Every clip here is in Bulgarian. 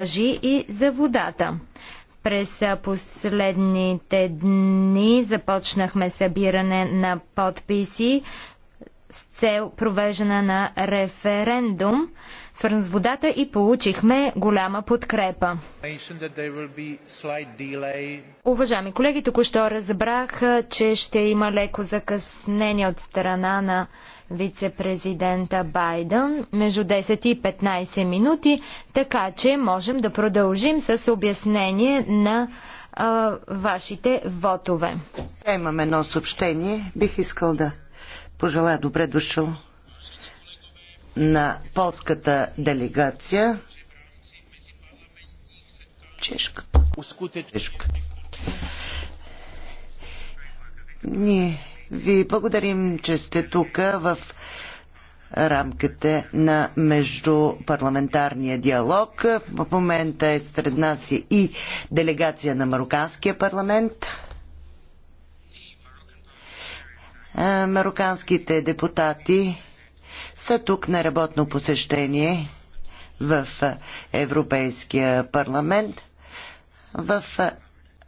въжи и за водата. През последните дни започнахме събиране на подписи с цел провеждане на референдум, свързан с водата и получихме голяма подкрепа. Уважаеми колеги, току-що разбрах, че ще има леко закъснение от страна на вице-президента Байден между 10 и 15 минути, така че можем да продължим с обяснение на а, вашите вотове. Сега имам едно съобщение. Бих искал да пожелая добре дошъл на полската делегация. Чешката. Чешка. Ние ви благодарим, че сте тук в рамките на междупарламентарния диалог. В момента е сред нас и делегация на Марокканския парламент. мароканските депутати са тук на работно посещение в Европейския парламент в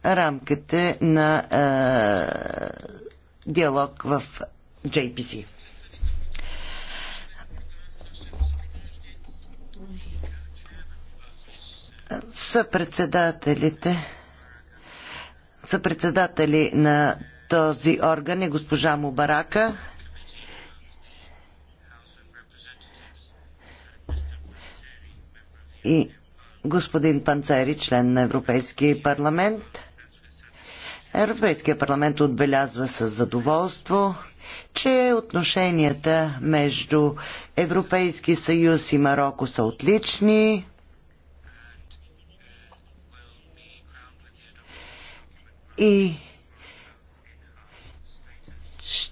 рамките на е, диалог в JPC. Съпредседателите са председатели на този орган е госпожа Мубарака. И господин Панцери, член на Европейския парламент. Европейския парламент отбелязва с задоволство, че отношенията между Европейски съюз и Марокко са отлични. И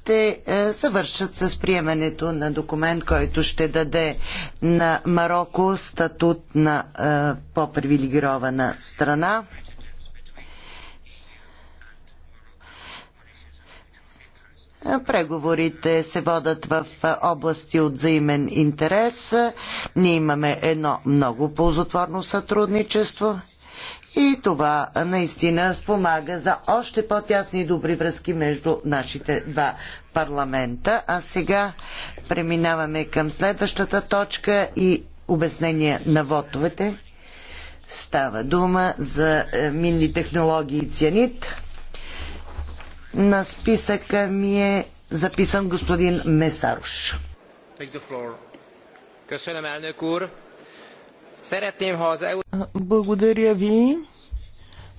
ще е, съвършат с приемането на документ, който ще даде на Марокко статут на е, по-привилегирована страна. Преговорите се водат в области от взаимен интерес. Ние имаме едно много ползотворно сътрудничество и това наистина спомага за още по-тясни и добри връзки между нашите два парламента. А сега преминаваме към следващата точка и обяснение на вотовете. Става дума за е, минни технологии и цианит. На списъка ми е записан господин Месаруш. Благодаря ви.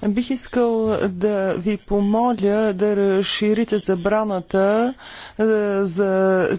Бих искал да ви помоля да разширите забраната за